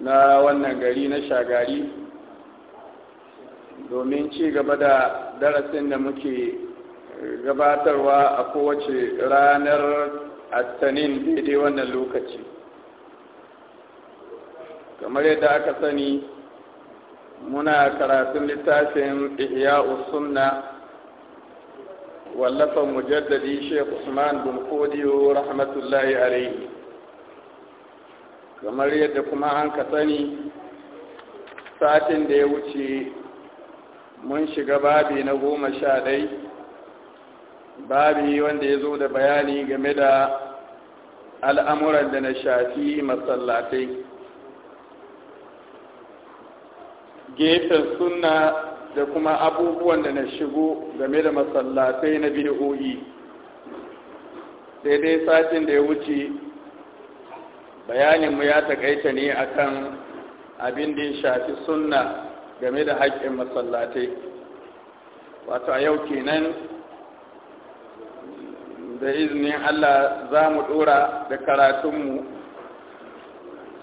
na wannan gari na shagari domin ci gaba da darasin da muke gabatarwa a kowace ranar attanin daidai wannan lokaci kamar yadda aka sani muna karatun littafin ihya sunna wallafan mujaddadi sheikh usman bin kodiyo rahmatullahi alaihi kamar yadda kuma an ka sani satin da ya wuce mun shiga babi na goma sha ɗai babi wanda ya zo da bayani game da al'amuran da na shafi masallatai gefen sunna da kuma abubuwan da na shigo game da masallatai na bid'o'i daidai satin da ya wuce bayaninmu ya takaita ne akan abin da ya shafi sunna game da haƙƙin masallatai wato a yau kenan da izinin allah za mu ɗora da karatunmu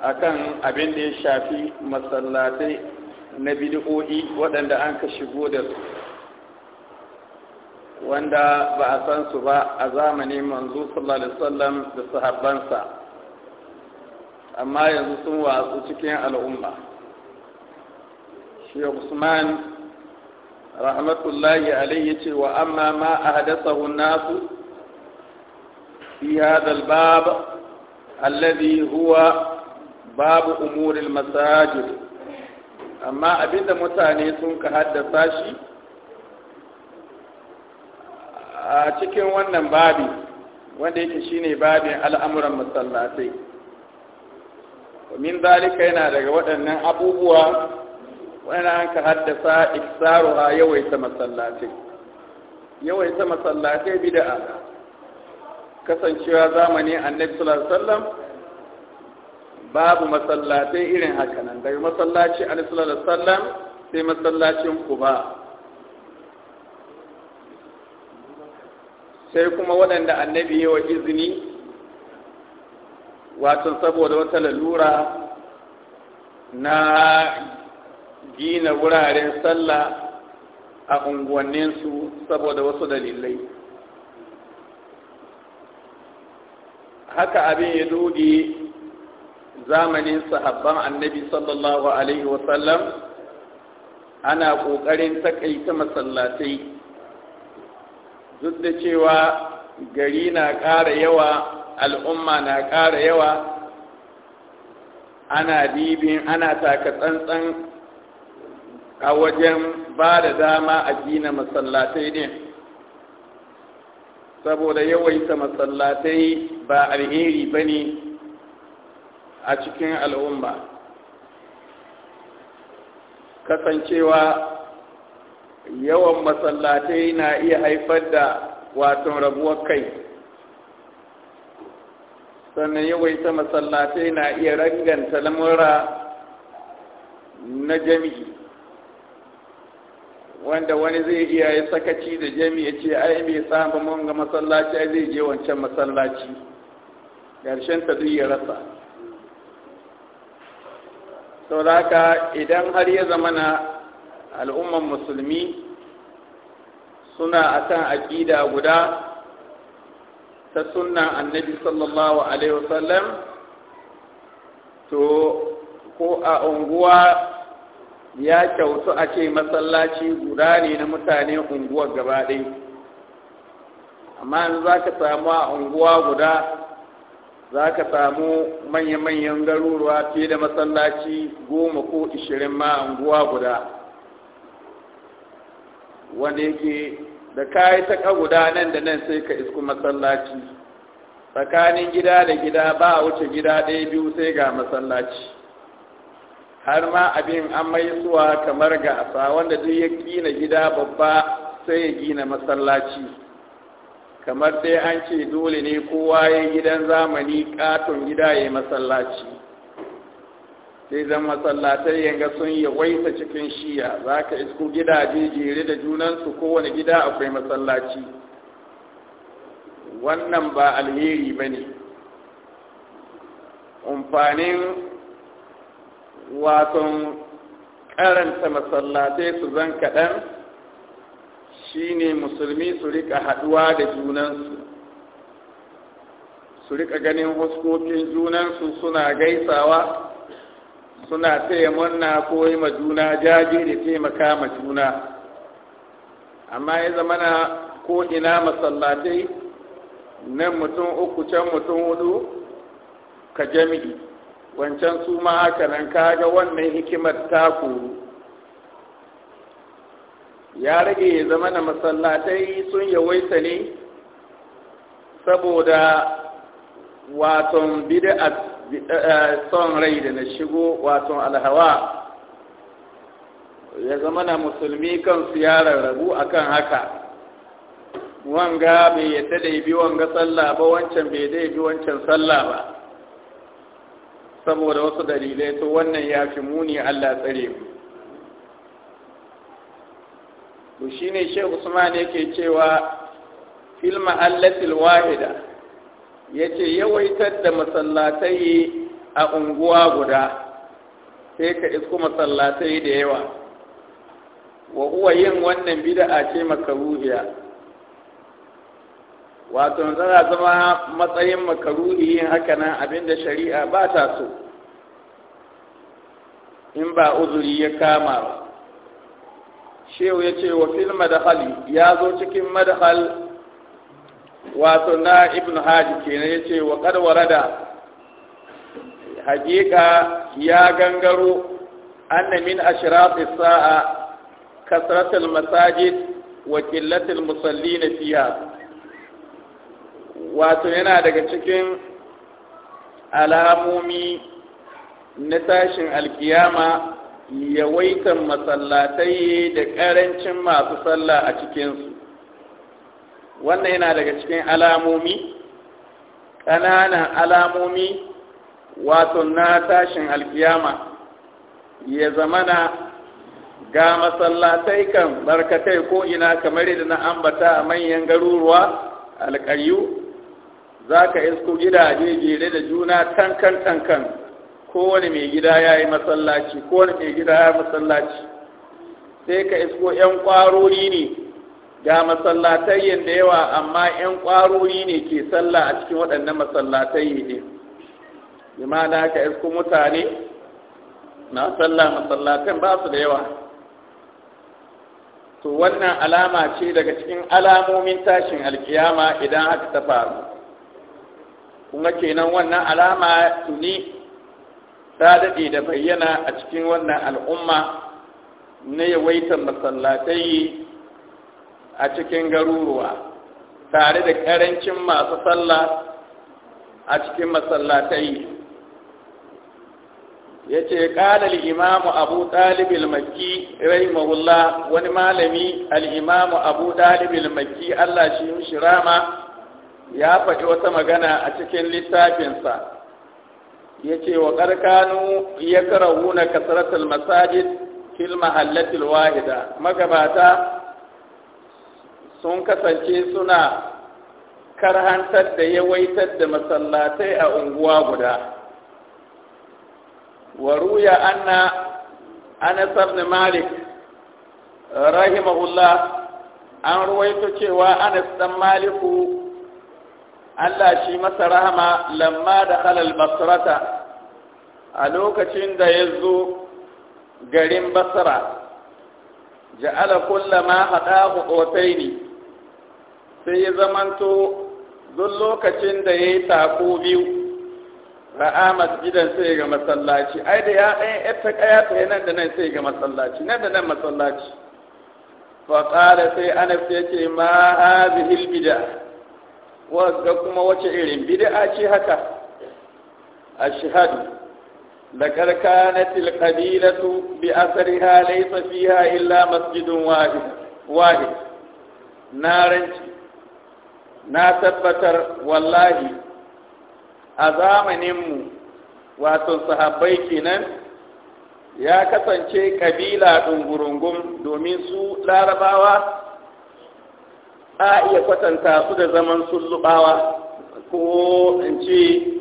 akan abin da ya shafi masallatai na bidi'o'i waɗanda an ka shigo da su wanda ba a san su ba a zamanin manzo sallallahu alaihi wasallam da sahabbansa amma yanzu sun watsu cikin al'umma shi usman rahmatullahi alaihi ce wa amma ma a hadasahu nasu fi hada albab alladhi huwa babu umuril masajid amma abinda mutane sun ka haddasa shi a cikin wannan babi wanda yake shine babin al'amuran masallatai min zalika yana daga waɗannan abubuwa wani an ka haddasa iksaru iksaruha yawaita masallatai yawaita masallatai bid'a kasancewa zamani annabi sallallahu alaihi wasallam babu masallatai irin haka nan daga masallaci annabi sallallahu alaihi wasallam sai masallacin kuba sai kuma waɗanda annabi yawa izini wato saboda wata lalura na gina wuraren sallah a unguwanninsu saboda wasu dalilai haka abin ya duge zamanin sahabban annabi sallallahu alaihi wasallam ana ƙoƙarin takaita masallatai duk da cewa gari na ƙara yawa al'umma na ƙara yawa ana dibin ana taka tsantsan a wajen ba da dama a gina masallatai ne saboda yawaita masallatai ba alheri ba ne a cikin al'umma kasancewa yawan masallatai na iya haifar da wato rabuwar kai sannan yawaita masallatai na iya ranganta lamura na jami'i wanda wani zai iya ya sakaci da jami'i ya ce ai bai samu mun ga masallaci a zai je wancan masallaci ƙarshen ta duk rasa sau da haka idan har ya zamana na al'umman musulmi suna akan aƙida guda ta sunna annabi sallallahu alaihi wasallam to ko a unguwa ya kyautu a ce masallaci guda ne na mutane unguwar gaba ɗaya amma in za ka samu a unguwa guda za ka samu manya-manyan garuruwa fiye da masallaci goma ko ishirin ma unguwa guda wanda yake da ka yi ta guda nan da nan sai ka isku masallaci tsakanin gida da gida ba a wuce gida ɗaya biyu sai ga masallaci har ma abin an mai suwa kamar gasa wanda duk ya gina gida babba sai ya gina masallaci kamar sai an ce dole ne kowa ya gidan zamani katon gida ya yi masallaci sai zan masallatai yanga sun yi yawaita cikin shiya za ka isko gidaje jere da junansu kowane gida akwai masallaci wannan ba alheri ba ne umfanin waton karanta masallatai su zan kaɗan shine musulmi su rika haɗuwa da junansu su rika ganin huskokin junansu suna gaisawa suna taya murna ko yi ma juna jaje da taimaka ma juna amma ya zama na ko ina masallatai nan mutum uku can mutum hudu ka jami'i wancan su ma haka nan kaga wannan hikimar ta koru ya rage ya zama na masallatai sun yawaita ne saboda waton bid'a son rai da na shigo wato alhawa ya zama na musulmi kansu ya rarrabu akan haka wanga bai yadda da bi wanga sallah ba wancan bai da bi wancan sallah ba saboda wasu dalilai to wannan ya fi muni Allah tsare mu to shine shehu Usman yake cewa fil allatil wahida ya ce yawaitar da masallatai a unguwa guda sai ka isku masallatai da yawa wa uwa yin wannan bid'a ce makaruhiya wato zara zama matsayin makaruhi yin haka nan abinda shari'a ba ta so in ba uzuri ya kama ba shehu ya ce wa fil madahali ya zo cikin madahal wato na ibn haji kenan yace wa kad warada ya gangaro anna min ashrati sa'a kasratul masajid wa qillatul musallin fiha wato yana daga cikin alamomi na tashin alkiyama yawaitan masallatai da ƙarancin masu sallah a cikinsu wannan yana daga cikin alamomi ƙananan alamomi wato na tashin alkiyama ya zamana ga masallatai kan barkatai ko ina kamar yadda na ambata a manyan garuruwa alƙayyu za ka isko gidaje jere da juna tankan tankan kowane mai gida ya yi masallaci kowane mai gida ya masallaci sai ka isko 'yan ƙwarori ne ga masallatai da yawa amma 'yan ƙwaroyi ne ke sallah a cikin waɗannan masallatai ne imana ka isku mutane na sallah masallatan ba su da yawa to wannan alama ce daga cikin alamomin tashin alkiyama idan haka ta faru kuma kenan wannan alama tuni ta daɗe da bayyana a cikin wannan al'umma na yawaitar masallatai a cikin garuruwa tare da ƙarancin masu sallah a cikin masallatai ya ce ƙalar imamu abu ɗalibin maki rahimahullah wani malami al'imamu abu ɗalibin maki allah shi yi rama ya faɗi wata magana a cikin littafinsa ya ce wa ƙarƙanu ya karahuna kasaratul masajid fil mahallatil wahida magabata sun kasance suna karhantar da yawaitar da masallatai a unguwa guda waruya anna anas ibn malik rahimahullah an ruwaito cewa anas dan maliku Allah shi masa rahama lamma da halal basrata a lokacin da ya zo garin basra ja'ala kullama haɗa ne sai ya zamanto duk lokacin da ya yi tako biyu ra'a masjidan sai ga masallaci ai da ya ɗaya yadda ƙaya ta nan da nan sai ga masallaci nan da nan masallaci faƙala sai anas ya ce ma hazihil bid'a wadda kuma wace irin bid'a ce haka a ashhadu لقد كانت bi بأثرها halai فيها illa masjidun wahid na ranci na tabbatar wallahi a zamaninmu wato sahabbai kenan ya kasance kabila ɗungurungun domin su larabawa a iya kwatanta su da zaman sullubawa ko in ce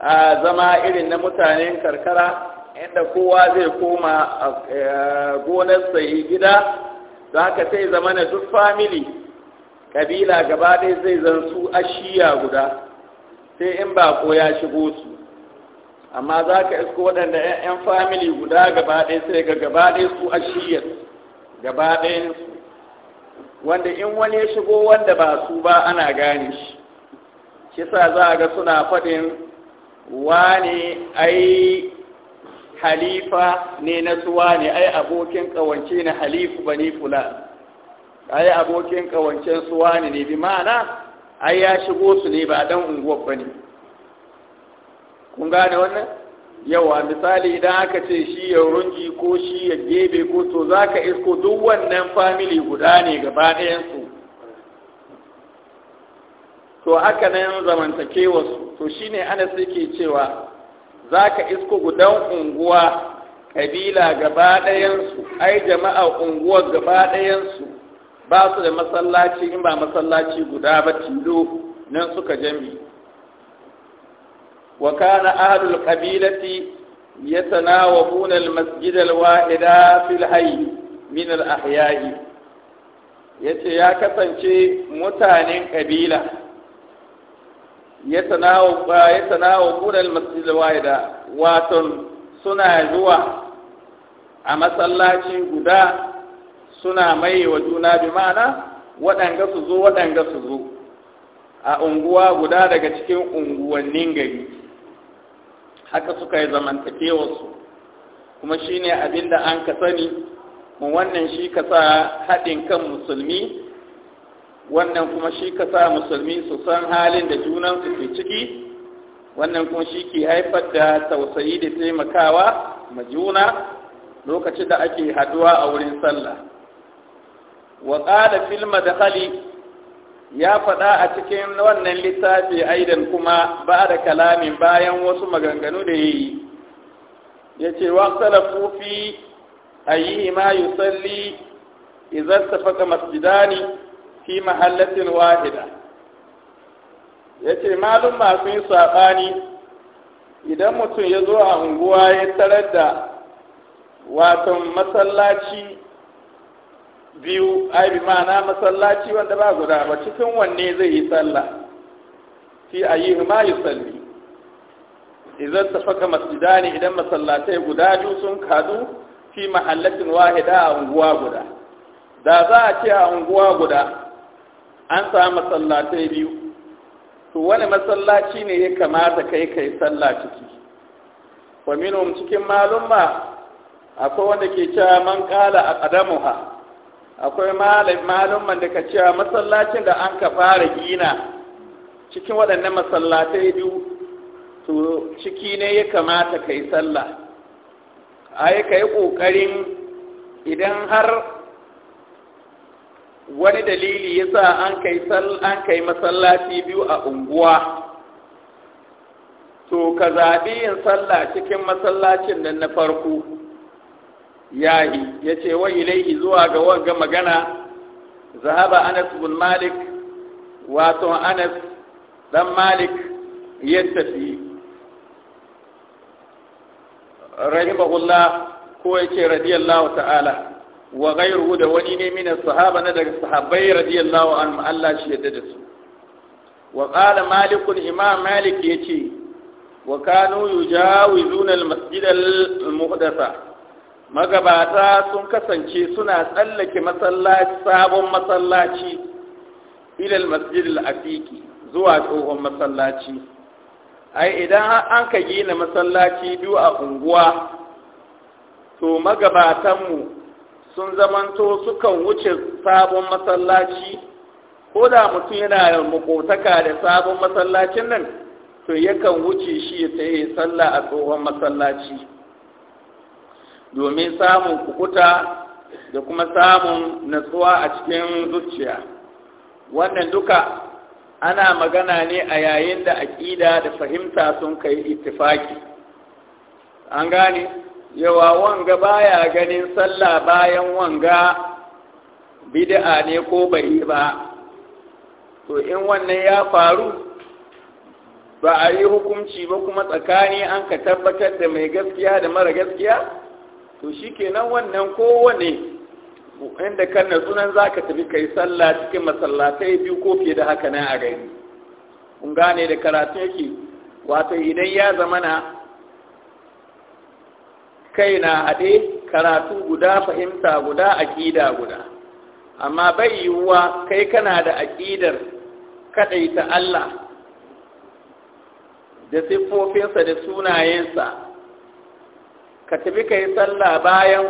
a zama irin na mutanen karkara inda kowa zai koma a eh, gonar yi gida da haka sai zama na duk famili kabila gaba ɗaya zai zan su ashiya guda sai in ba ko ya shigo su amma za ka isko waɗanda 'yan famili guda gaba ɗaya sai ga gaba ɗaya su ashiyar gaba ɗayan su wanda in wani ya shigo wanda ba su ba ana gane shi kisa za a ga suna faɗin wani ai halifa ne na suwa ne ai abokin ƙawance na halifu bani fulani ai abokin kawancen su wani ne bi ma'ana ai ya shigo su ne ba dan unguwar ba ne kun gane wannan yawa misali idan aka ce shi ya rungi ko shi ya gebe ko to za ka isko duk wannan famili guda ne gaba ɗayansu to haka nan zamantakewarsu to shi ne ana suke cewa za ka isko gudan unguwa kabila gaba ɗayansu ai jama'a unguwar gaba ɗayansu ba su da masallaci in ba masallaci guda ba tilo nan suka jami wa kana ahlul qabilati yatanawabuna al wahida fil hayy min ahya'i yace ya kasance mutanen kabila yatanawabuna al alwahida waton suna zuwa a masallaci guda suna mayewa wa juna bi ma'ana waɗanga su zo waɗanga su zo a unguwa guda daga cikin unguwannin gari haka suka yi zamantakewarsu kuma shi ne abin da an ka sani mu wannan shi ka sa haɗin kan musulmi wannan kuma shi ka sa musulmi su san halin da junansu ke ciki wannan kuma shi ke haifar da tausayi da taimakawa ma juna lokacin da ake haduwa a wurin sallah wa qala fil madkhali ya faɗa a cikin wannan littafi aidan kuma ba da kalamin bayan wasu maganganu da yi yace wa salafu fi ayi ma yusalli idza tafaka masjidani fi mahallatin wahida yace malum ma yi sabani idan mutum ya zo a unguwa ya tarar da wato masallaci biyu ai bi ma'ana masallaci wanda ba guda ba cikin wanne zai yi sallah fi yi salli idan faka masjidani idan masallatai guda biyu sun kadu fi mahallatin wahida a unguwa guda da za a ce a unguwa guda an samu masallatai biyu to wani masallaci ne ya kamata kai kai sallah ciki wa minhum cikin malumma akwai wanda ke cewa man qala aqdamuha akwai malumman da ka cewa masallacin da an ka fara gina cikin waɗannan masallatai biyu to ciki ne ya kamata ka yi sallah a ka yi ƙoƙarin idan har wani dalili ya sa an ka yi masallaci biyu a unguwa to ka zaɓi yin sallah cikin masallacin nan na farko yahi ya ce wa ilaihi zuwa ga wanga magana zahaba anas bin malik wato anas dan malik ya tafi rahimahullah ko ya ce radiyallahu ta'ala wa gairu da wani ne mina sahaba na daga sahabbai radiyallahu anhu Allah shi yadda da su wa qala malik imam malik yace wa kanu yujawizuna al-masjid al-muhdatha magabata sun kasance suna tsallake masallaci sabon masallaci ilal masjidil afiki zuwa tsohon masallaci ai idan an ka gina masallaci biyu a unguwa to magabatanmu sun zamanto sukan wuce sabon masallaci ko da mutum yana makotaka da sabon masallacin nan to yakan wuce shi ya tsaye sallah a tsohon masallaci domin samun kukuta da kuma samun natsuwa a cikin zuciya wannan duka ana magana ne a yayin da aƙida da fahimta sun kai ittifaki an gane yawa wanga baya ganin sallah bayan wanga bid'a ne ko bai ba to in wannan ya faru ba a yi hukunci ba kuma tsakani an ka tabbatar da mai gaskiya da mara gaskiya to kenan wannan kowane inda kan na sunan za ka tafi kai sallah cikin masallatai biyu ko fiye da haka nan a gani kun gane da karatu yake wato idan ya zama na kai na haɗe karatu guda fahimta guda aƙida guda amma bai yiwuwa kai kana da aƙidar kaɗaita Allah da siffofinsa da sunayensa ka tafi ka yi sallah bayan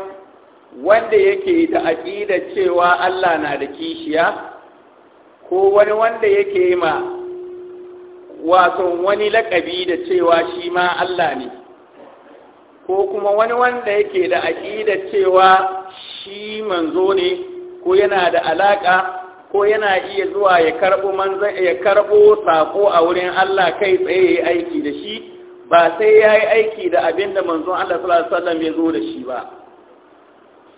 wanda yake da aƙida cewa Allah na da kishiya ko wani wanda yake ma wato wani laƙabi da cewa shi ma Allah ne ko kuma wani wanda yake da aƙida cewa shi manzo ne ko yana da alaƙa ko yana iya zuwa ya karɓo sako a wurin Allah kai tsaye aiki da shi ba sai ya yi aiki da abin da manzon Allah sallallahu alaihi ya zo da shi ba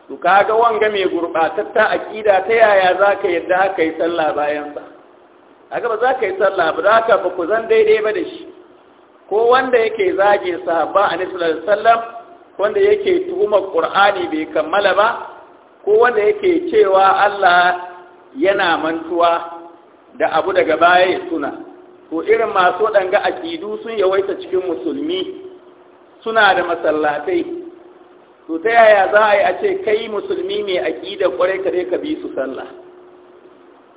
to kaga wanga mai gurbatatta aƙida ta yaya za ka yadda haka yi sallah bayan sa kaga ba za ka yi sallah ba za ka ba ku zan daidai ba da shi ko wanda yake zage sahaba a sallallahu alaihi wasallam wanda yake tuhumar qur'ani bai kammala ba ko wanda yake cewa Allah yana mantuwa da abu daga baya ya suna. ko irin masu waɗanga aƙidu sun yawaita cikin musulmi suna da masallatai to ta yaya za a yi a ce kai musulmi mai aƙida ƙwarai kare ka bi su sallah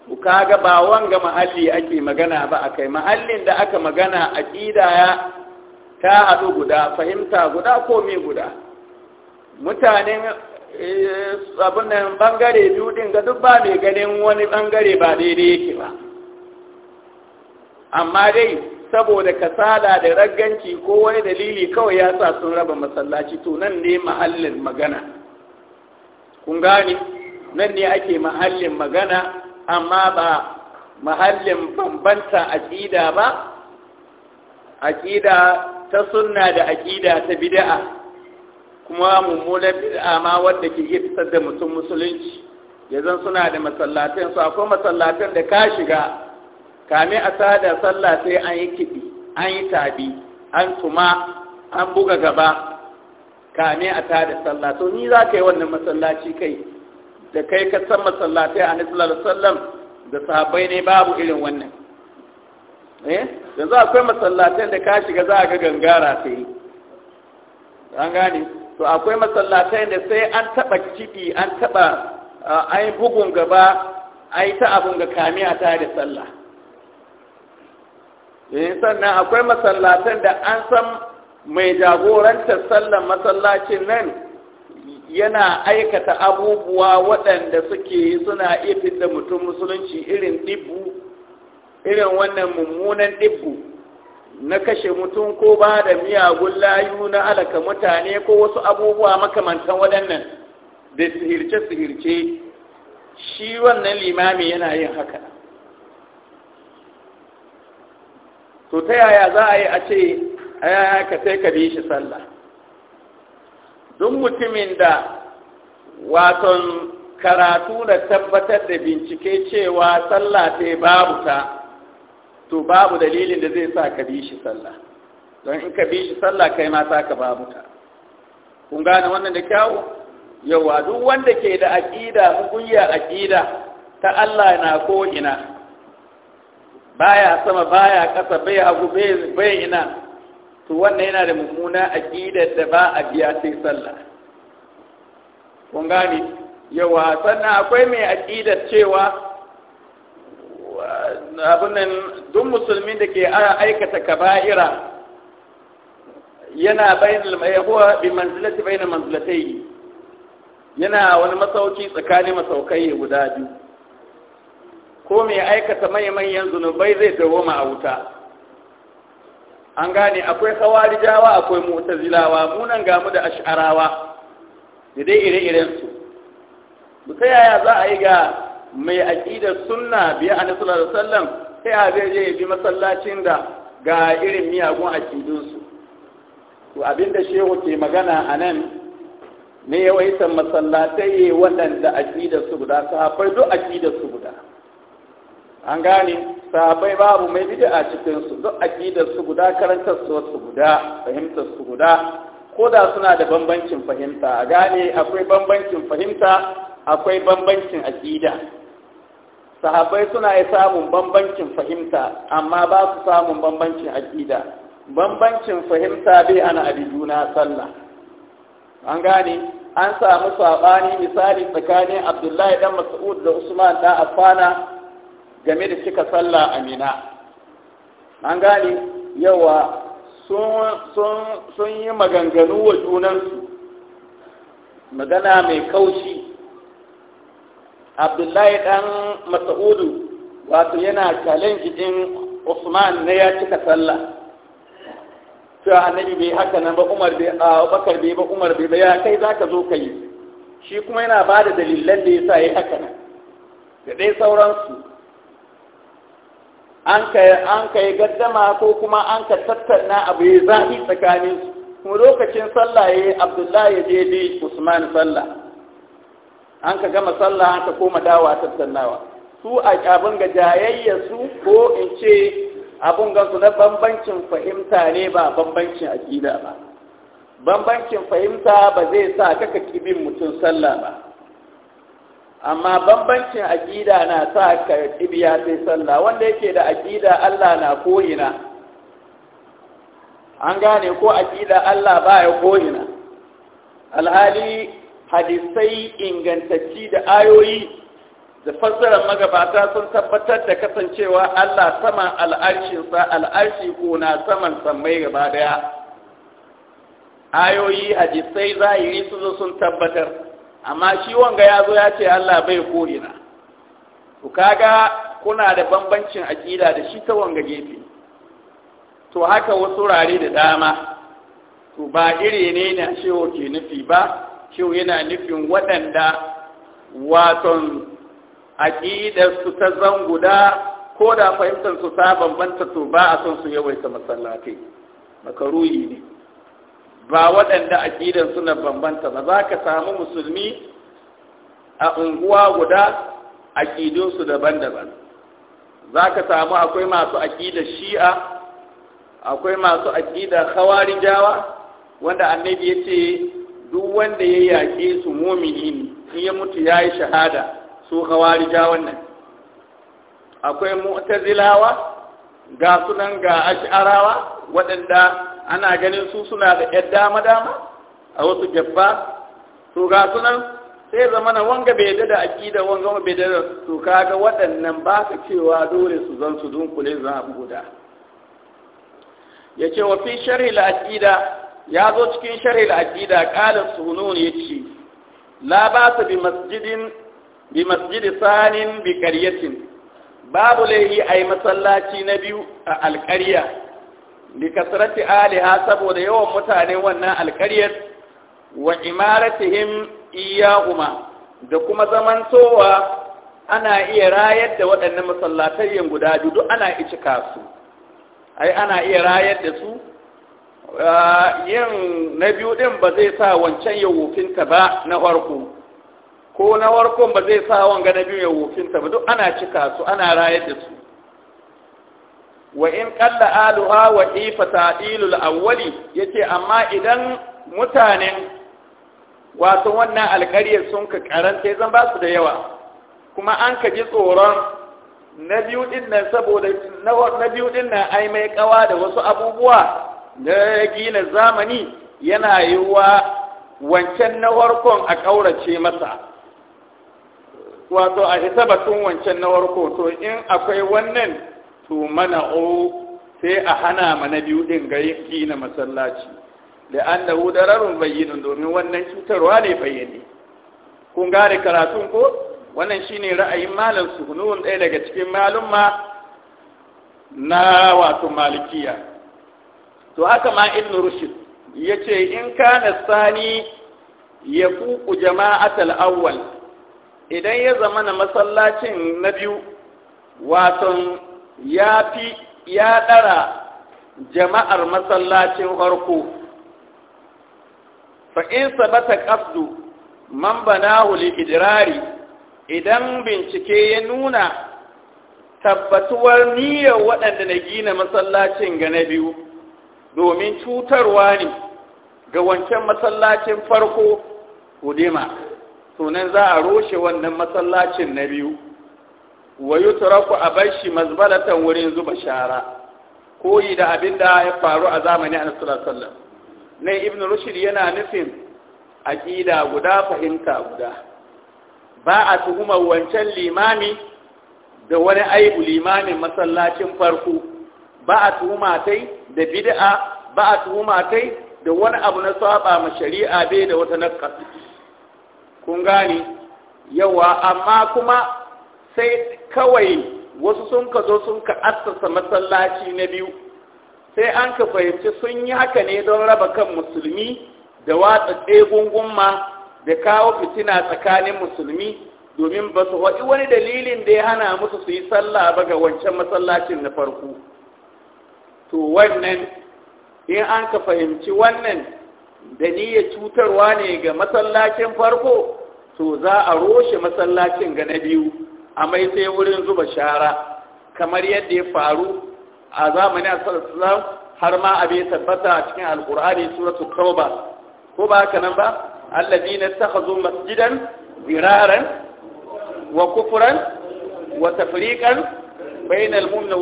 ku kaga ba wanga mahalli ake magana ba a kai, mahallin da aka magana aƙida ya ta haɗu guda fahimta guda komai guda mutanen eh, abin nan bangare biyu ɗin ga duk ba mai ganin wani bangare ba daidai yake ba amma dai saboda kasala da ragganci ko wani dalili kawai ya sa sun raba masallaci to nan ne mahallin magana kun gani nan ne ake mahallin magana amma ba mahallin bambanta aƙida ba aƙida ta sunna da aƙida ta bid'a kuma mummunan bid'a ma wadda ke fitar da mutum musulunci yanzu suna da masallatin su akwai masallatin da ka shiga kame a sada sallah sai an yi kiɗi an yi tabi an tuma an buga gaba kame a tada sallah to ni za ka yi wannan masallaci kai da kai ka san masallatai a nisalar sallam da sahabbai ne babu irin wannan eh yanzu akwai masallatai da ka shiga za a ga gangara sai an gane to akwai masallatai da sai an taba kiɗi an taba an bugun gaba a yi ta abun ga kame a tada sallah Eh, sannan akwai masallatan da an san mai jagorantar sallan masallacin nan yana aikata abubuwa waɗanda suke suna ifin da mutum musulunci irin dibbu irin wannan mummunan dibbu na kashe mutum ko ba da miyagun layu na alaka mutane ko wasu abubuwa makamantan waɗannan da sihirce-sihirce shi wannan limami yana yin haka to ta yaya za a yi a ce a ka sai ka bi shi sallah duk mutumin da waton karatu da tabbatar da bincike cewa sallah ta babu ta to babu dalilin da zai sa ka bi shi sallah don in ka bi shi sallah kai ma sa ka babu ta kun gane wannan da kyawu yawa duk wanda ke da aƙida mugunya aƙida ta Allah na ko ina baya sama baya kasa bai hagu bai ina to wannan yana da mummuna aƙidar da ba a biya sai sallah kun gani yawa sannan akwai mai aƙidar cewa abin duk musulmin da ke ara aikata kaba'ira yana bainal yahuwa bi manzilati bayan manzilatai yana wani masauki tsakanin masaukai guda biyu ko mai aikata manya-manyan zunubai zai dawoma a wuta an gane akwai jawa akwai zilawa munan gamu da ash'arawa da dai ire-irensu ta yaya za a yi ga mai aƙidar sunna biya a nasarar da sallam sai yaya zai je bi masallacin da ga irin miyagun aƙidunsu to abinda shehu ke magana a nan ne yawaitan masallatai waɗanda aƙidar su guda ta duk aƙidar su guda an gane sahabai babu mai bid'a cikin su duk aqidar su guda karantar su wasu guda fahimtar su guda ko da suna da bambancin fahimta a gane akwai bambancin fahimta akwai bambancin aqida Sahabai suna yi samun bambancin fahimta amma ba su samun bambancin aƙida. bambancin fahimta bai ana abi juna sallah an gane an samu sabani misali tsakanin abdullahi dan mas'ud da usman da affana game da cika sallah a mina an gane yawa sun yi maganganu wa junansu magana mai kaushi abdullahi ɗan masa'udu wato yana challenge din usman na ya cika sallah cewa annabi bai haka nan ba umar bai a bakar bai ba umar bai ba ya kai zaka zo ka yi shi kuma yana ba da dalilan da yasa sa haka nan da dai sauransu an ka yi gaddama ko kuma an ka tattauna abu ya zafi tsakanin kuma lokacin sallah ya yi abdullahi ya je bi usman sallah an ka gama sallah an ka koma dawa tattaunawa su a abin ga jayayya su ko in ce abin gansu na bambancin fahimta ne ba bambancin aƙida ba bambancin fahimta ba zai sa kaka kibin mutum sallah ba amma bambancin aƙida na sa ka ibiya sai sallah wanda yake da aƙida Allah na koyina an gane ko aƙida Allah ba ya ko'ina alhali hadisai ingantacci da ayoyi da fassarar magabata sun tabbatar da kasancewa Allah saman al'arshinsa al'arshi ko na saman sammai gaba daya ayoyi hadisai zahiri su sun tabbatar amma shi wanga ya zo ya ce Allah bai ko'ina, ina to kaga kuna da bambancin aƙida da shi ta wanga gefe to haka wasu rare da dama to ba iri ne na shewa ke nufi ba shewa yana nufin waɗanda waton su ta zanguda ko da fahimtar su ta bambanta to ba a son su yawaita masallatai makaruyi ne ba waɗanda aƙidan suna bambanta ba za ka samu musulmi a unguwa guda aƙidunsu daban-daban za ka samu akwai masu aƙidar shi'a akwai masu aƙidar jawa wanda annabi ya ce duk wanda ya yaƙe su momini ne in ya mutu ya yi shahada su jawan nan akwai mu'tazilawa ga sunan ga ash'arawa waɗanda ana ganin su suna da ‘yar dama-dama a wasu gaba to ga sunan sai zama na wanga bai da aƙida wanga bai da ka kaga waɗannan ba ka cewa dole su zan su dunkule za a guda ya ce wa fi sharhi da ya zo cikin sharhi al'aqida ne ya ce la ba su bi masjidin bi masjidi sanin bi qaryatin babu a yi masallaci na biyu a alƙarya likasrati aliha saboda yawan mutane wannan alƙaryar wa imaratihim iyahuma da kuma zamantowa ana iya rayar da waɗannan masallatayyan guda biyu duk ana icika su ai ana iya rayar da su yin na biyu ɗin ba zai sa wancan ya ba na farko ko na farkon ba zai sa wanga na biyu ya ba duk ana cika su ana rayar da su wa in qalla aluha wa ifa ta'ilul awwali yace amma idan mutanen wato wannan alƙaryar sun ka karanta zan ba su da yawa kuma an ka ji tsoron na biyu din nan saboda na din nan ai mai kawa da wasu abubuwa na gina zamani yana yiwa wancan na warkon a ƙaurace masa wato a hisabatun wancan na warko to in akwai wannan to mana o sai a hana mana biyu din ga na masallaci da an da wudararun bayyinin domin wannan cutarwa ne bayyane kun gane karatun ko wannan shine ra'ayin malam suhunun ɗaya daga cikin malumma na wato malikiya to haka ma ibn rushd ce in kana sani ya kuku jama'atal awwal idan ya zama na masallacin na biyu waton ya fi ya ɗara jama'ar masallacin farko fa'in sabata ƙasdu man huli idrari idan bincike ya nuna tabbatuwar niyyar waɗanda na gina masallacin ga na biyu domin cutarwa ne ga wancan masallacin farko hudima sunan za a roshe wannan masallacin na biyu wa yutraku a bar shi mazbalatan wurin zuba shara koyi da abin da ya faru a zamani annabi sallallahu alaihi ne ibnu rushd yana nufin aqida guda fahimta guda ba a tuhuma wancan limami da wani aibu limamin masallacin farko ba a tuhuma tai da bid'a ba a tuhuma tai da wani abu na saba ma shari'a bai da wata nakka kun gani yawa amma kuma sai kawai wasu sun ka zo sun ka assasa masallaci na biyu sai an ka fahimci sun yi haka ne don raba kan musulmi da watsa tsegungun da kawo fitina tsakanin musulmi domin ba su waɗi wani dalilin da ya hana musu su yi sallah ba ga wancan masallacin na farko to wannan in an ka fahimci wannan da niyyar cutarwa ne ga masallacin farko to za a roshe masallacin ga na biyu amai sai wurin zuba shara kamar yadda ya faru a zamanin asalar har ma abin tabbata a cikin alkur'ani suratul tauba ko ba haka nan ba alladina takhazu masjidan biraren wa kufran wa tafriqan bainal mu'min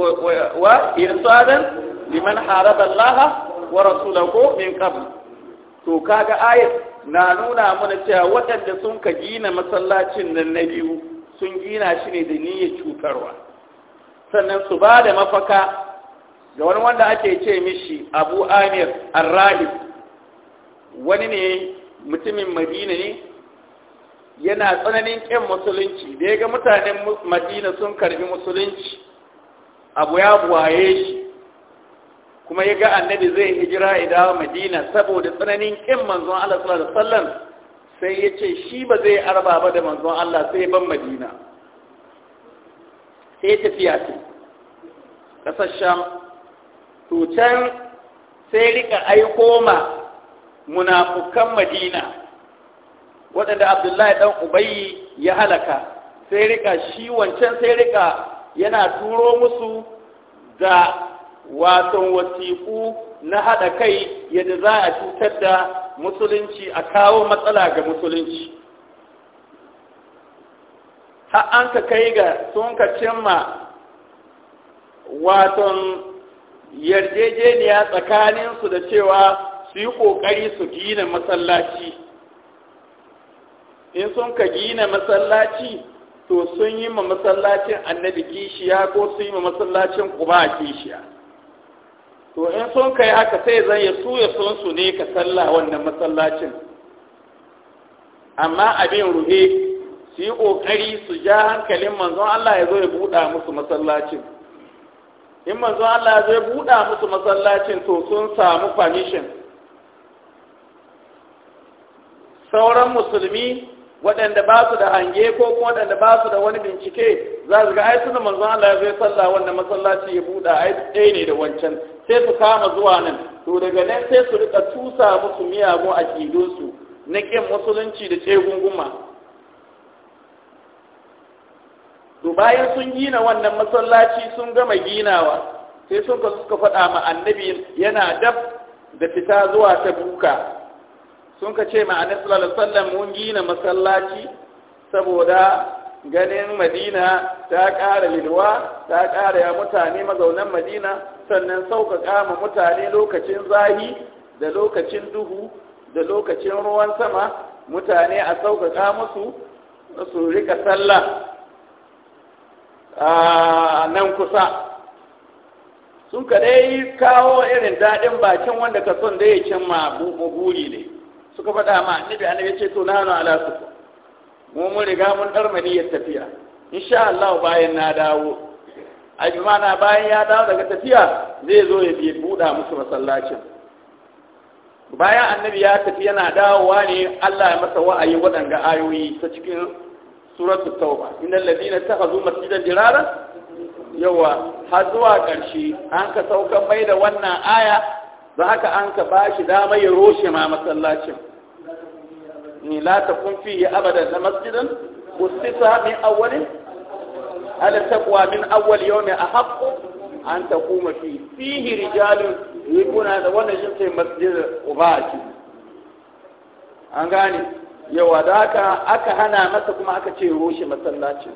wa irsadan liman haraba Allaha wa rasulahu min qabl to kaga ayat na nuna mana cewa waɗanda sun ka gina masallacin nan na biyu sun gina shi ne da niyyar cutarwa sannan su ba da mafaka ga wani wanda ake ce mishi abu amir arrahib wani ne mutumin madina ne yana tsananin ƙin musulunci da ya ga mutanen madina sun karbi musulunci abu ya buwaye shi kuma ya ga annabi zai hijira idawa madina saboda tsananin ƙin manzon Allah sallallahu alaihi wasallam sai ya ce shi ba zai arba ba da manzon Allah sai ban madina sai tafiya ce ƙasar sham to sai rika aiko ma munafukan madina waɗanda abdullahi ɗan ubayi ya halaka sai rika shi wancan sai rika yana turo musu da wato wasiƙu na haɗa kai yadda za a cutar da musulunci a kawo matsala ga musulunci har an ka kai ga sun ka cimma waton yarjejeniya tsakaninsu da cewa su yi ƙoƙari su gina masallaci in sun ka gina masallaci to sun yi ma masallacin annabi kishiya ko sun yi ma masallacin ƙuba kishiya to in sun kai haka sai zan ya su ya sun su ne ka salla wannan masallacin amma abin ruhe su yi ƙoƙari su ja hankalin manzon Allah ya zo ya buɗa musu masallacin in manzon Allah ya zo ya buɗa musu masallacin to sun samu permission sauran musulmi waɗanda ba su da hange ko kuma waɗanda ba su da wani bincike za su ga ai suna manzon Allah ya zo ya salla wannan masallaci ya buɗa ai ɗaya ne da wancan sai su kama zuwa nan to daga nan sai su rika tusa musu miyagun aƙidunsu na ƙin musulunci da tsegunguma to bayan sun gina wannan masallaci sun gama ginawa sai sun ka suka faɗa ma annabi yana dab da fita zuwa ta buka sun ka ce ma'ana sallallahu alaihi mun gina masallaci saboda ganin madina ta ƙara lilwa ta ƙara ya mutane mazaunan madina sannan sauƙaƙa ma mutane lokacin zahi da lokacin duhu da lokacin ruwan sama mutane a sauƙaƙa musu su rika sallah a nan kusa sun kadai kawo irin daɗin bakin wanda ka son da ya cimma buri ne suka faɗa ma annabi annabi ce to nanu ala su mu mun riga mun darmani ya tafiya insha Allah bayan na dawo ai bi mana bayan ya dawo daga tafiya zai zo ya bi buɗa musu masallacin bayan annabi ya tafi yana dawowa ne Allah ya masa wa'ayi waɗanga ayoyi ta cikin suratul tauba innal ladina takhazu masjidan dirara yawa har zuwa ƙarshe an ka saukan mai da wannan aya za ka an ka bashi dama ya roshe ma masallacin ni la takun fihi abadan masjidan usisa min awwalin ala taqwa min awwal yawmi ahaqqu an taquma fi fihi rijalun yukuna da wannan shi ce masjid ubaki an gane yawa da haka aka hana masa kuma aka ce roshe masallacin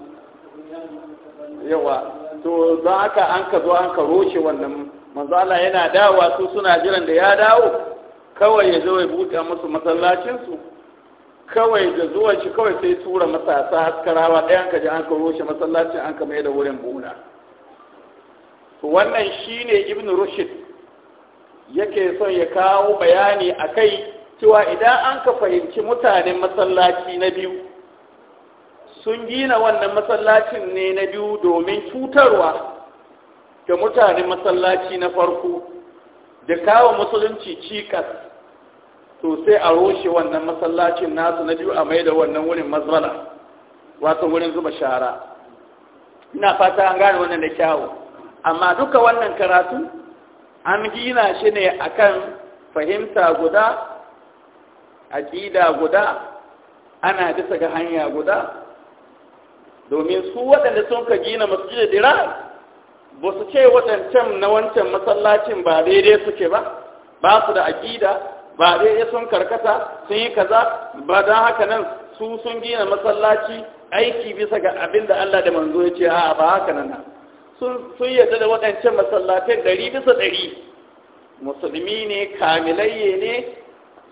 yawa to don haka an ka zo an ka roshe wannan manzo Allah yana dawowa su suna jiran da ya dawo kawai ya zo ya buɗe musu masallacinsu kawai da zuwa shi kawai sai tura matasa haskarawa ɗayan ka ji an ka rushe masallacin an ka mai da wurin buna Wannan shi ne ibn rushd yake son ya kawo bayani a kai cewa idan an ka fahimci mutanen masallaci na biyu sun gina wannan masallacin ne na biyu domin cutarwa ga mutanen masallaci na farko da kawo musulunci cikas to sai a roshe wannan masallacin nasu na biyu a mai da wannan wurin mazbala wato wurin zuba shara ina fata an gane wannan da kyawu amma duka wannan karatu an gina shi ne akan fahimta guda aƙida guda ana bisa ga hanya guda domin su waɗanda sun ka gina masjidi dira ba su ce waɗancan na wancan masallacin ba daidai suke ba ba su da aƙida ba a ya sun karkata sun yi kaza ba don haka nan su sun gina masallaci aiki bisa ga abin da Allah da manzo ya ce a ba haka nan sun yadda da waɗancan masallatai ɗari bisa ɗari musulmi ne kamilayye ne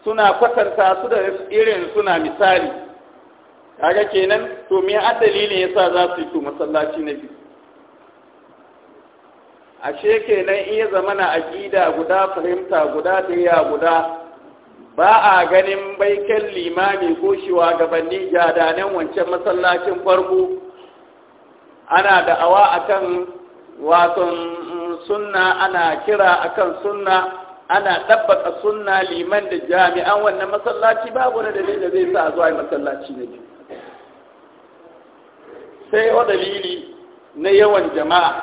suna kwatanta su da irin suna misali kaga kenan to me adali ne yasa za su yi to masallaci na biyu ashe kenan iya zamana aqida guda fahimta guda ɗaya guda ba a ganin baikan limami ko gabanni jadanen wancan masallacin farko ana da'awa akan waton sunna ana kira akan sunna ana ɗabbaka sunna liman da jami'an wannan masallaci babu na dalilin da zai sa zuwa masallaci na sai wa dalili na yawan jama'a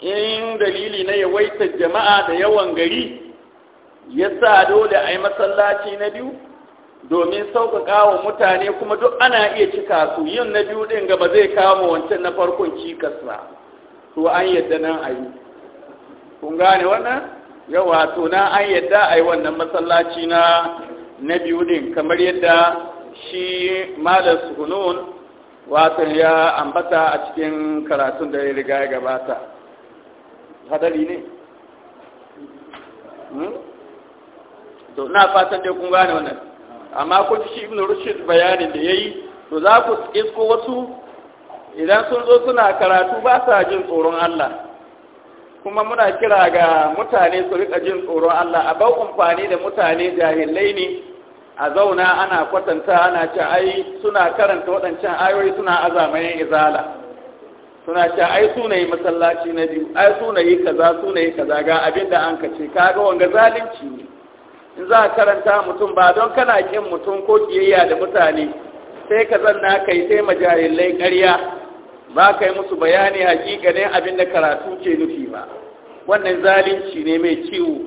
in dalili na yawaitar jama'a da yawan gari ya sa dole a yi masallaci na biyu domin sauƙaƙa wa mutane kuma duk ana iya cika su yin na biyu ɗin gaba zai kama wancan na farkon cikasa to an yadda nan a yi kun gane wannan yawa to na an yadda a yi wannan masallaci na na biyu ɗin kamar yadda shi malar sukunun watan ya ambata a cikin karatun da ya riga ya gabata hadari ne? Hmm? to na fatan dai kun gane wannan amma ko shi ibn rushd bayanin da yayi to za ku isko wasu idan sun zo suna karatu ba sa jin tsoron Allah kuma muna kira ga mutane su rika jin tsoron Allah a bau amfani da mutane jahilai ne a zauna ana kwatanta ana ce ai suna karanta waɗancan ayoyi suna azamai izala suna ce ai suna yi masallaci na biyu ai suna yi kaza suna yi kaza ga abin an kace kaga wanga zalunci ne in za a karanta mutum ba don kana kin mutum ko kiyayya da mutane sai ka zanna kai sai majahilai ƙarya ba ka yi musu bayani hakikanin abin da karatu ke nufi ba wannan zalunci ne mai ciwo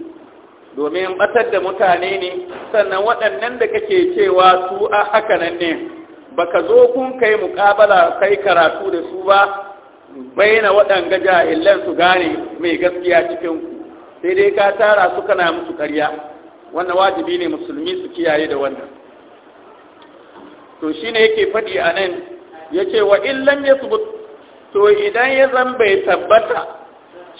domin batar da mutane ne sannan waɗannan da kake cewa su a nan ne ka zo kun kai muƙabala kai karatu da su ba bayyana waɗanga jahilan su gane mai gaskiya cikin ku sai dai ka tara su kana musu ƙarya wannan wajibi ne musulmi su kiyaye da wannan to shine yake faɗi a nan ya ce wa illan ya to idan ya zan bai tabbata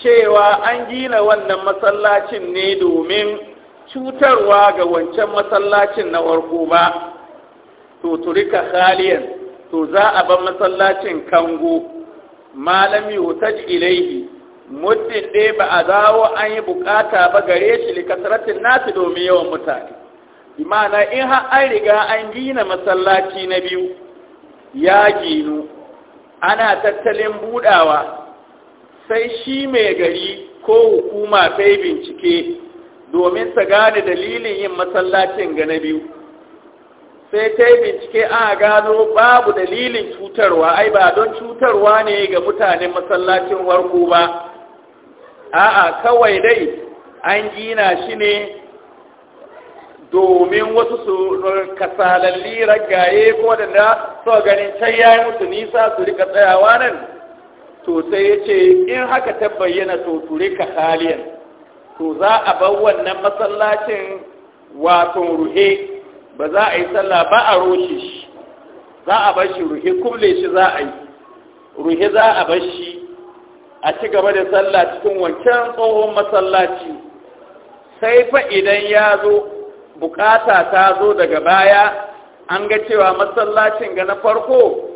cewa an gina wannan masallacin ne domin cutarwa ga wancan masallacin na warko ba to turika khaliyan to za a bar masallacin kango malami yutaj ilaihi muddin dai ba a zawo an yi bukata ba gare shi li kasratin nasu domin yawan mutane imana in har an riga an gina masallaci na biyu ya ginu ana tattalin budawa sai shi mai gari ko hukuma ta bincike domin ta gane dalilin yin masallacin ga na biyu sai ta yi bincike a gano babu dalilin cutarwa ai ba don cutarwa ne ga mutanen masallacin warko ba a'a kawai dai an gina shi ne domin wasu su kasalalli ragaye ko da so ganin can ya yi musu nisa su rika tsayawa nan to sai ya ce in haka ta bayyana to ka haliyan to za a bar wannan masallacin wato ruhe ba za a yi sallah ba a roshe shi za a bar shi ruhe kuble shi za a yi ruhe za a bar shi a ci gaba da sallah cikin wancan tsohon masallaci sai fa idan ya zo bukata ta zo daga baya an ga cewa masallacin ga na farko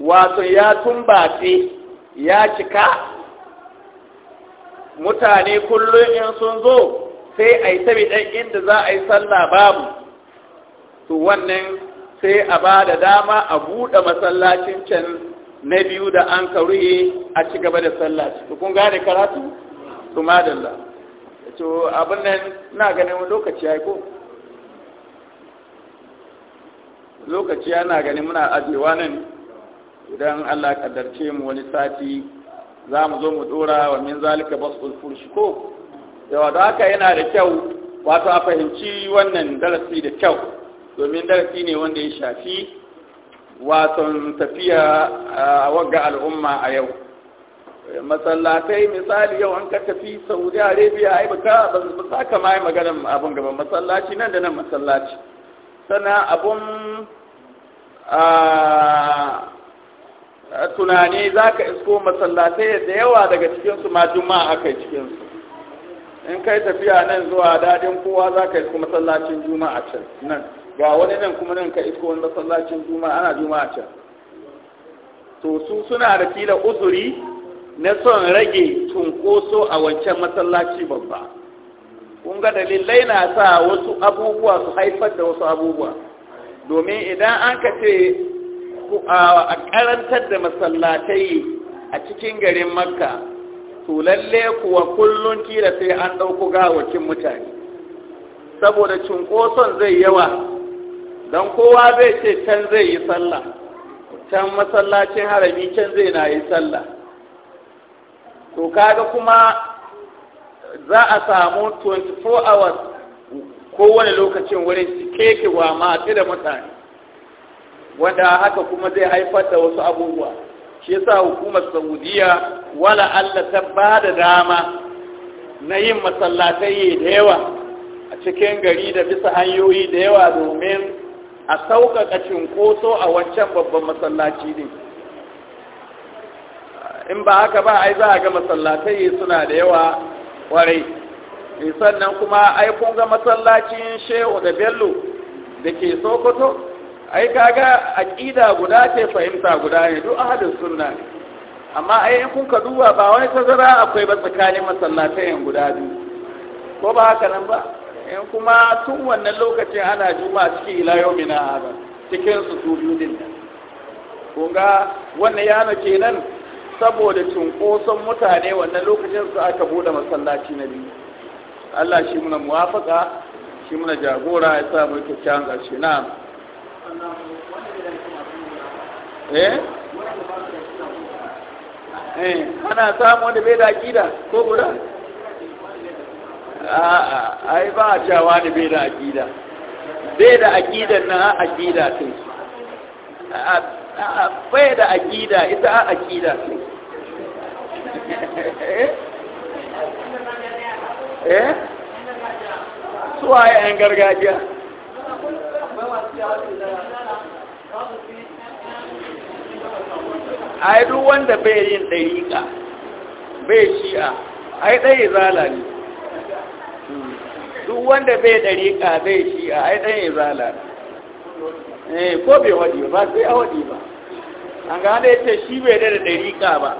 wato ya tumbace ya cika mutane kullum in sun zo sai a yi tabi ɗan inda za a yi sallah babu to wannan sai a ba da dama a buɗe masallacin can na biyu da an kauri a ci gaba da sallah to kun gane karatu to madalla to abin nan na ganin wani lokaci ya ko lokaci ya na ganin muna ajewa nan idan Allah kaddarce mu wani sati za mu zo mu dora wa min zalika basul furshi ko Da da haka yana da kyau wato a fahimci wannan darasi da kyau domin darasi ne wanda ya shafi waton tafiya a wagga al'umma a yau masallatai misali yau an ka tafi saudi arabia ai baka ba sa ka mai maganar abun gaba masallaci nan da nan masallaci sana abun tunani za ka isko masallatai da yawa daga cikinsu ma juma'a aka yi cikinsu in kai tafiya nan zuwa daɗin kowa za ka isko masallacin juma'a can nan ga wani nan kuma nan ka isko wani masallacin juma'a ana juma'a can to su suna da kila uzuri na son rage cunkoso a wancan masallaci babba kun ga dalilai na sa wasu abubuwa su haifar da wasu abubuwa domin idan an ka ce a karantar da masallatai a cikin garin makka to lalle kuwa kullum kila sai an ɗauko gawakin mutane saboda cunkoson zai yawa don kowa zai ce can zai yi sallah can masallacin harami can zai na yi sallah to kaga kuma za a samu 24 hours kowane lokacin wurin kekewa matu da mutane wanda haka kuma zai haifar da wasu abubuwa shi yasa hukumar saudiya wala allah ta ba da dama na yin masallatai da yawa a cikin gari da bisa hanyoyi da yawa domin a sauƙaƙa cinkoso a wancan babban masallaci ne in ba haka ba ai za a ga masallatai suna da yawa ƙwarai eh, sannan kuma ai kun ga masallacin shehu da bello da ke sokoto ai kaga aƙida guda ce fahimta guda ne duk ahadin sunna ne amma ai in kun ka duba ba wani tazara akwai ba tsakanin masallatai guda biyu ko ba haka nan ba in kuma tun wannan lokacin ana juma'a cikin ila yau mina hada cikin su su biyu din nan ga wannan yana kenan saboda cunkoson mutane wannan lokacin su aka bude masallaci na biyu Allah shi muna muwafaka shi muna jagora ya sa mu kyakkyawan ƙarshe na eh? eh ana samu wanda bai da akida ko guda a'a ai ba a cewa ne bai da akida bai da aƙida na akida ce bai da akida ita a akida ce eh, eh? suwa yan gargajiya ai duk wanda bai yin ɗariƙa bai shi'a ai ɗaya zala wanda bai dariƙa bai shi a ai ya zala. eh ko bai waɗi ba sai a waɗi ba an gane ce shi bai da dariƙa ba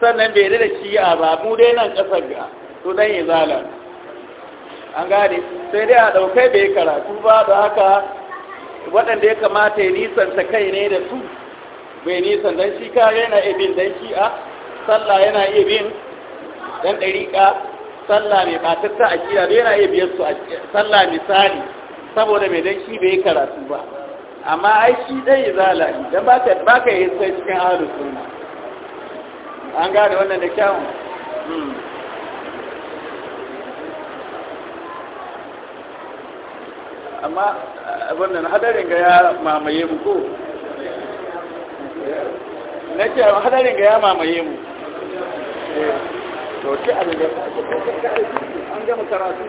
sannan bai da shi'a ba mu dai nan ƙasar ga to dan ɗan zala an dai sai dai a ɗaukai bai karatu ba da haka waɗanda ya kamata ya ta kai ne da su bai nisan dan shi kare yana iya bin dan shi'a sallah yana iya bin dan dariƙa. sallah mai batatta a akira da yana iya biyar su a sallah misali saboda mai dan shi bai karatu ba amma ai shi dai zala ne dan ba ka yi sai cikin ahlus sunna an da wannan da kyau hmm. amma wannan eh, hadarin ga ya mamaye mu ko na ce hadarin ga ya mamaye mu eh. to shi abin da an gama karatu